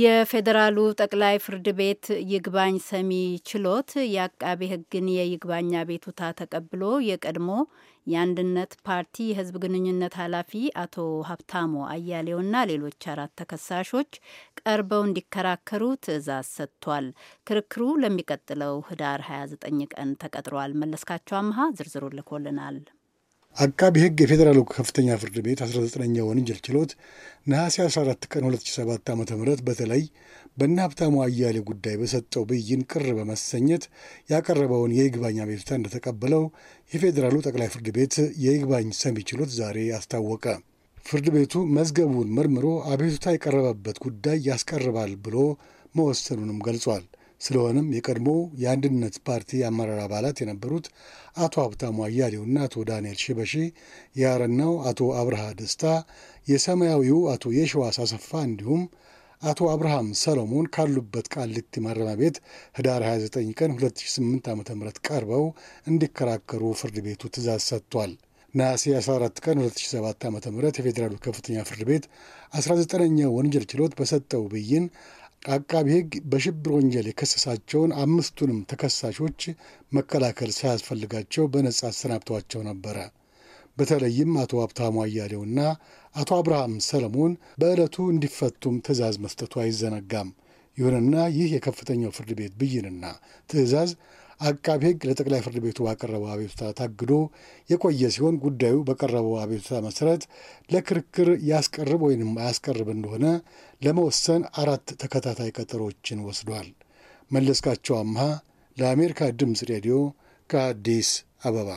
የፌዴራሉ ጠቅላይ ፍርድ ቤት ይግባኝ ሰሚ ችሎት የአቃቤ ሕግን የይግባኛ ቤቱታ ተቀብሎ የቀድሞ የአንድነት ፓርቲ የህዝብ ግንኙነት ኃላፊ አቶ ሀብታሙ አያሌውና ሌሎች አራት ተከሳሾች ቀርበው እንዲከራከሩ ትዕዛዝ ሰጥቷል። ክርክሩ ለሚቀጥለው ህዳር 29 ቀን ተቀጥሯል። መለስካቸው አምሃ ዝርዝሩ ልኮልናል። አቃቢ ህግ የፌዴራሉ ከፍተኛ ፍርድ ቤት 19ኛ ወንጀል ችሎት ነሐሴ 14 ቀን 2007 ዓ ም በተለይ በእነ ሀብታሙ አያሌ ጉዳይ በሰጠው ብይን ቅር በመሰኘት ያቀረበውን የይግባኝ አቤቱታ እንደተቀበለው የፌዴራሉ ጠቅላይ ፍርድ ቤት የይግባኝ ሰሚ ችሎት ዛሬ አስታወቀ። ፍርድ ቤቱ መዝገቡን መርምሮ አቤቱታ የቀረበበት ጉዳይ ያስቀርባል ብሎ መወሰኑንም ገልጿል። ስለሆነም የቀድሞ የአንድነት ፓርቲ አመራር አባላት የነበሩት አቶ ሀብታሙ አያሌውና አቶ ዳንኤል ሽበሺ፣ የአረናው አቶ አብርሃ ደስታ፣ የሰማያዊው አቶ የሸዋስ አሰፋ እንዲሁም አቶ አብርሃም ሰሎሞን ካሉበት ቃሊቲ ማረሚያ ቤት ህዳር 29 ቀን 2008 ዓ ም ቀርበው እንዲከራከሩ ፍርድ ቤቱ ትእዛዝ ሰጥቷል። ነሐሴ 14 ቀን 2007 ዓ ም የፌዴራሉ ከፍተኛ ፍርድ ቤት 19ኛው ወንጀል ችሎት በሰጠው ብይን አቃቢ ሕግ በሽብር ወንጀል የከሰሳቸውን አምስቱንም ተከሳሾች መከላከል ሳያስፈልጋቸው በነጻ አሰናብተዋቸው ነበረ። በተለይም አቶ ሀብታሙ አያሌውና አቶ አብርሃም ሰለሞን በዕለቱ እንዲፈቱም ትእዛዝ መስጠቱ አይዘነጋም። ይሁንና ይህ የከፍተኛው ፍርድ ቤት ብይንና ትእዛዝ አቃቢ ሕግ ለጠቅላይ ፍርድ ቤቱ ባቀረበው አቤቱታ ታግዶ የቆየ ሲሆን ጉዳዩ በቀረበው አቤቱታ መሰረት ለክርክር ያስቀርብ ወይንም አያስቀርብ እንደሆነ ለመወሰን አራት ተከታታይ ቀጠሮችን ወስዷል። መለስካቸው አምሃ ለአሜሪካ ድምፅ ሬዲዮ ከአዲስ አበባ